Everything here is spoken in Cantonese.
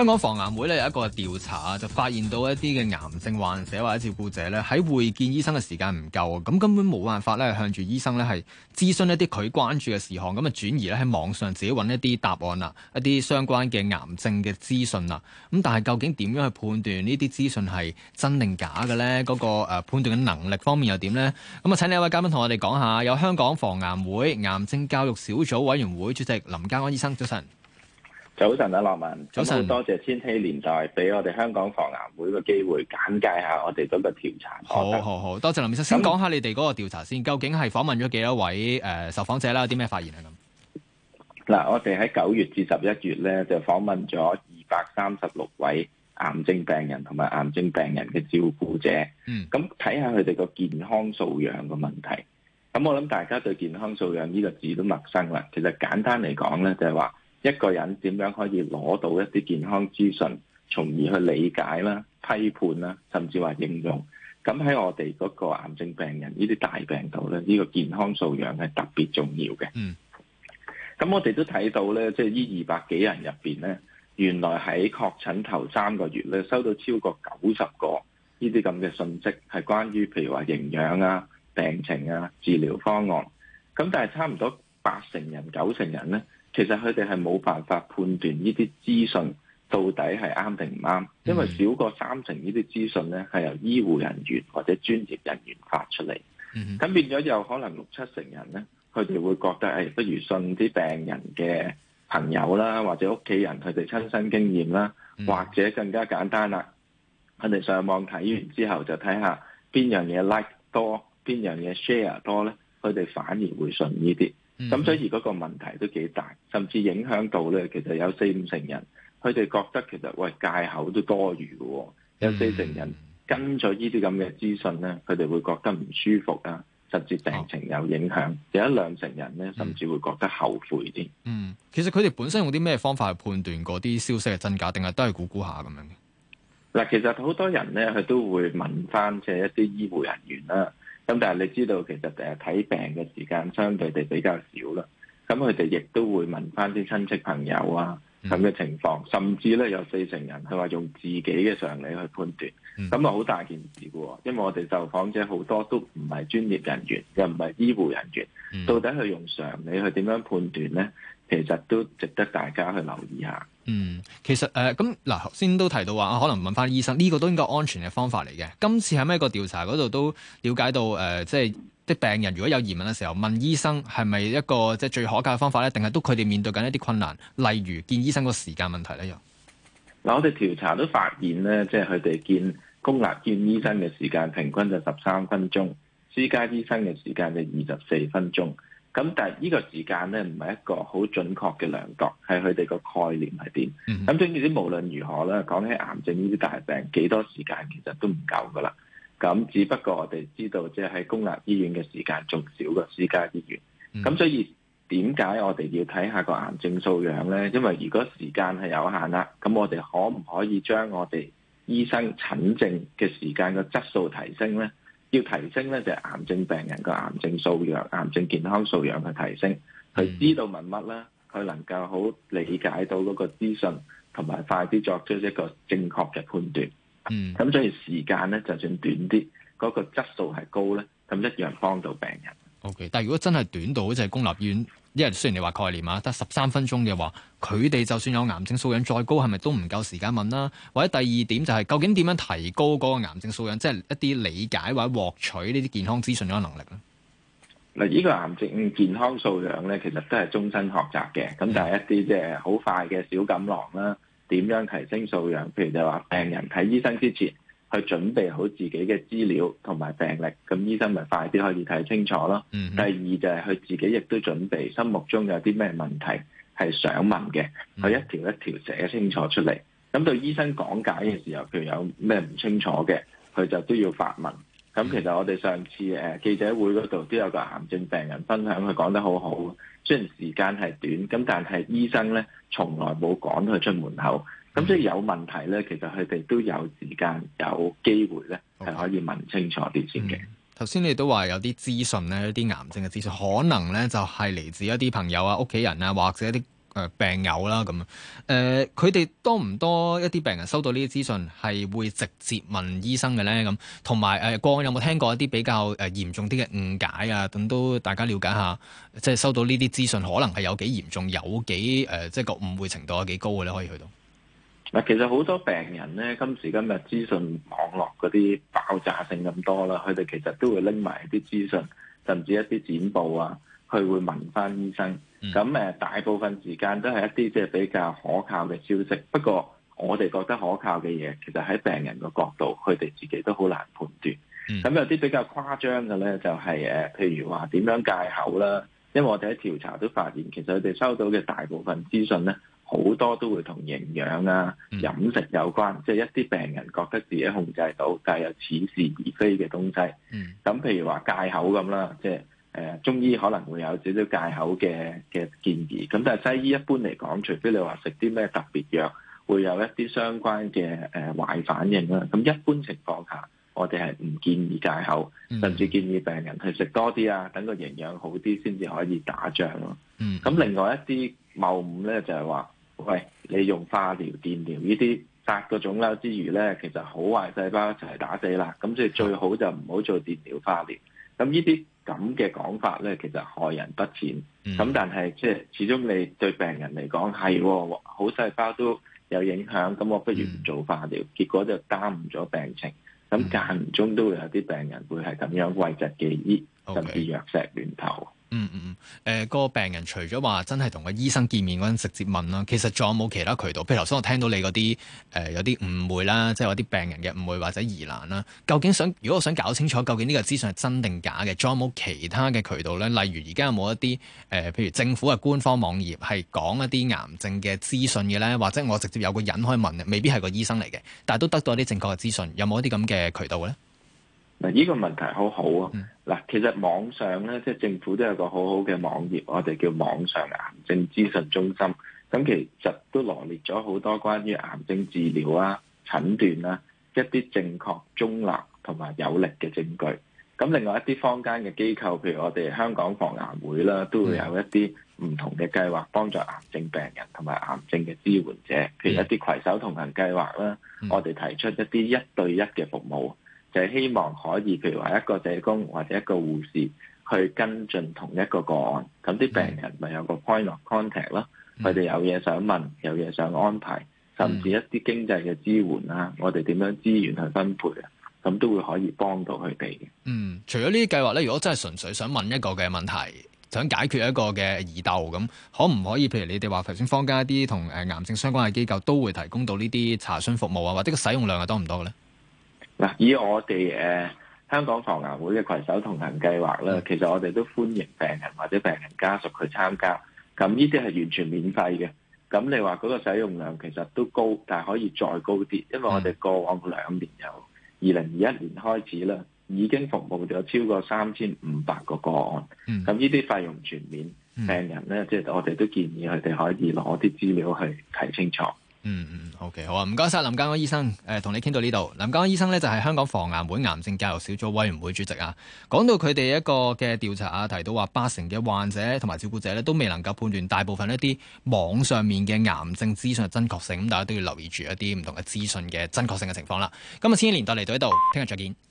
香港防癌會咧有一個調查就發現到一啲嘅癌症患者或者照顧者咧，喺會見醫生嘅時間唔夠，咁根本冇辦法咧向住醫生咧係諮詢一啲佢關注嘅事項，咁啊轉移咧喺網上自己揾一啲答案啊，一啲相關嘅癌症嘅資訊啊，咁但係究竟點樣去判斷呢啲資訊係真定假嘅呢？嗰個誒判斷嘅能力方面又點呢？咁啊，請你一位嘉賓同我哋講下，有香港防癌會癌症教育小組委員會主席林嘉安醫生，早晨。早晨啊，羅文，早晨，多謝千禧年代俾我哋香港防癌會嘅機會簡介下我哋嗰個調查。好好好，多謝林醫生。那先講下你哋嗰個調查先，究竟係訪問咗幾多位誒受訪者啦？有啲咩發言啊？咁嗱，我哋喺九月至十一月咧，就訪問咗二百三十六位癌症病人同埋癌症病人嘅照顧者。嗯，咁睇下佢哋個健康素養嘅問題。咁我諗大家對健康素養呢個字都陌生啦。其實簡單嚟講咧，就係話，一個人點樣可以攞到一啲健康資訊，從而去理解啦、批判啦，甚至話應用。咁喺我哋嗰個癌症病人呢啲大病度咧，呢個健康素養係特別重要嘅。嗯。咁我哋都睇到咧，即係呢二百幾人入邊咧，原來喺確診頭三個月咧，收到超過九十個呢啲咁嘅信息，係關於譬如話營養啊、病情啊、治療方案。咁但係差唔多八成人、九成人咧。其實佢哋係冇辦法判斷呢啲資訊到底係啱定唔啱，因為少過三成呢啲資訊咧係由醫護人員或者專業人員發出嚟，咁變咗有可能六七成人咧，佢哋會覺得係不如信啲病人嘅朋友啦，或者屋企人佢哋親身經驗啦，或者更加簡單啦，佢哋上網睇完之後就睇下邊樣嘢 like 多，邊樣嘢 share 多咧，佢哋反而會信呢啲。咁、嗯、所以嗰個問題都幾大，甚至影響到咧，其實有四五成人，佢哋覺得其實喂戒口都多餘嘅喎，有四成人跟咗呢啲咁嘅資訊咧，佢哋會覺得唔舒服啊，甚至病情有影響，啊、有一兩成人咧，甚至會覺得後悔啲。嗯，其實佢哋本身用啲咩方法去判斷嗰啲消息係真假，定係都係估估下咁樣嘅？嗱，其實好多人咧，佢都會問翻即係一啲醫護人員啦。咁但係你知道，其實每日睇病嘅時間相對地比較少啦。咁佢哋亦都會問翻啲親戚朋友啊咁嘅、嗯、情況，甚至咧有四成人係話用自己嘅常理去判斷。咁，啊好大件事嘅喎，因為我哋受訪者好多都唔係專業人員，又唔係醫護人員，嗯、到底佢用常理去點樣判斷咧？其實都值得大家去留意下。嗯，其實誒，咁、呃、嗱，頭先都提到話，可能問翻醫生呢、呢個都應該安全嘅方法嚟嘅。今次喺咪一個調查嗰度都了解到誒、呃，即係啲病人如果有疑問嘅時候，問醫生係咪一個即係最可靠嘅方法咧？定係都佢哋面對緊一啲困難，例如見醫生個時間問題咧？又嗱、嗯，我哋調查都發現咧，即係佢哋見公立醫院醫生嘅時間平均就十三分鐘，私家醫生嘅時間就二十四分鐘。咁但係呢個時間咧，唔係一個好準確嘅量度，係佢哋個概念係點？咁總言之，hmm. 無論如何咧，講起癌症呢啲大病，幾多時間其實都唔夠噶啦。咁只不過我哋知道，即係喺公立醫院嘅時間仲少過私家醫院。咁、mm hmm. 所以點解我哋要睇下個癌症素養咧？因為如果時間係有限啦，咁我哋可唔可以將我哋醫生診症嘅時間嘅質素提升咧？要提升咧就係癌症病人個癌症素養、癌症健康素養嘅提升，佢、嗯、知道問乜啦，佢能夠好理解到嗰個資訊，同埋快啲作出一個正確嘅判斷。嗯，咁所以時間咧就算短啲，嗰個質素係高咧，咁一樣幫到病人。O、okay, K，但係如果真係短到，就只、是、公立醫院，因為雖然你話概念啊，得十三分鐘嘅話，佢哋就算有癌症素養再高，係咪都唔夠時間問啦？或者第二點就係、是，究竟點樣提高嗰個癌症素養，即、就、係、是、一啲理解或者獲取呢啲健康資訊嘅能力？呢個癌症健康素養呢，其實都係終身學習嘅，咁但係一啲即係好快嘅小錦囊啦。點樣提升素養？譬如就話病人睇醫生之前。去準備好自己嘅資料同埋病歷，咁醫生咪快啲可以睇清楚咯。 第二就係佢自己亦都準備，心目中有啲咩問題係想問嘅，佢一條一條寫清楚出嚟。咁到醫生講解嘅時候，佢有咩唔清楚嘅，佢就都要發問。咁、嗯嗯、其實我哋上次誒、呃、記者會嗰度都有個癌症病人分享，佢講得好好。雖然時間係短，咁但係醫生咧從來冇趕佢出門口。咁、嗯嗯、所以有問題咧，其實佢哋都有時間、有機會咧係 Okay. 可以問清楚啲先嘅。頭先、嗯、你都話有啲資訊咧，一啲癌症嘅資訊，可能咧就係嚟自一啲朋友啊、屋企人啊，或者一啲。誒，病友啦咁誒，佢哋、呃、多唔多一啲病人收到呢啲資訊係會直接問醫生嘅咧？咁同埋誒，過往有冇、呃、聽過一啲比較誒嚴、呃、重啲嘅誤解啊？等都大家了解下，即係收到呢啲資訊可能係有幾嚴重，有幾誒、呃、即係個誤會程度有幾高嘅咧？可以去到嗱，其實好多病人咧，今時今日資訊網絡嗰啲爆炸性咁多啦，佢哋其實都會拎埋啲資訊，甚至一啲剪報啊。佢會問翻醫生，咁誒大部分時間都係一啲即係比較可靠嘅消息。不過我哋覺得可靠嘅嘢，其實喺病人個角度，佢哋自己都好難判斷。咁有啲比較誇張嘅咧，就係誒，譬如話點樣戒口啦。因為我哋喺調查都發現，其實佢哋收到嘅大部分資訊咧，好多都會同營養啊、飲食有關，即係一啲病人覺得自己控制到，但係又似是而非嘅東西。咁譬如話戒口咁啦，即係。誒、呃、中醫可能會有少少戒口嘅嘅建議，咁但係西醫一般嚟講，除非你話食啲咩特別藥，會有一啲相關嘅誒、呃、壞反應啦。咁一般情況下，我哋係唔建議戒口，甚至建議病人去食多啲啊，等個營養好啲先至可以打仗咯。嗯，咁另外一啲冒五咧就係、是、話，喂，你用化療、電療呢啲殺個腫瘤之餘咧，其實好壞細胞就係打死啦。咁所以最好就唔好做電療、化療。咁依啲。咁嘅講法咧，其實害人不淺。咁、嗯、但係即係始終你對病人嚟講係，好細胞都有影響。咁我不如唔做化療，嗯、結果就耽誤咗病情。咁、嗯嗯、間唔中都會有啲病人會係咁樣諱疾忌醫，Okay. 甚至藥石亂投。嗯嗯嗯，誒、嗯呃這個病人除咗話真係同個醫生見面嗰陣直接問啦，其實仲有冇其他渠道？譬如頭先我聽到你嗰啲誒有啲誤會啦，即係有啲病人嘅誤會或者疑難啦，究竟想如果我想搞清楚，究竟呢個資訊係真定假嘅？仲有冇其他嘅渠道咧？例如而家有冇一啲誒、呃，譬如政府嘅官方網頁係講一啲癌症嘅資訊嘅咧，或者我直接有個人可以問，未必係個醫生嚟嘅，但係都得到一啲正確嘅資訊，有冇一啲咁嘅渠道咧？嗱，依個問題好好啊！嗱，其實網上咧，即係政府都有個好好嘅網頁，我哋叫網上癌症資訊中心。咁其實都羅列咗好多關於癌症治療啊、診斷啊一啲正確、中立同埋有力嘅證據。咁另外一啲坊間嘅機構，譬如我哋香港防癌會啦，都會有一啲唔同嘅計劃幫助癌症病人同埋癌症嘅支援者，譬如一啲攜手同行計劃啦，嗯、我哋提出一啲一對一嘅服務。就希望可以，譬如話一個社工或者一個護士去跟進同一個個案，咁啲病人咪有個 point of contact 咯。佢哋、嗯、有嘢想問，有嘢想安排，甚至一啲經濟嘅支援啦，嗯、我哋點樣資源去分配啊？咁都會可以幫到佢哋嘅。嗯，除咗呢啲計劃咧，如果真係純粹想問一個嘅問題，想解決一個嘅疑竇，咁可唔可以？譬如你哋話頭先，坊間一啲同誒癌症相關嘅機構都會提供到呢啲查詢服務啊，或者個使用量係多唔多嘅咧？嗱，以我哋誒、呃、香港防癌會嘅携手同行計劃啦，mm. 其實我哋都歡迎病人或者病人家屬去參加。咁呢啲係完全免費嘅。咁你話嗰個使用量其實都高，但係可以再高啲，因為我哋過往兩年由二零二一年開始啦，已經服務咗超過三千五百個個案。咁呢啲費用全免，mm. 病人咧，即係我哋都建議佢哋可以攞啲資料去睇清楚。嗯嗯，好嘅，好啊，唔該晒林嘉安醫生，誒、呃，同你傾到呢度。林嘉安醫生呢，就係、是、香港防癌會癌症教育小組委員會主席啊。講到佢哋一個嘅調查啊，提到話八成嘅患者同埋照顧者呢，都未能夠判斷大部分一啲網上面嘅癌症資訊嘅真確性，咁大家都要留意住一啲唔同嘅資訊嘅真確性嘅情況啦。今日千禧年代嚟到呢度，聽日再見。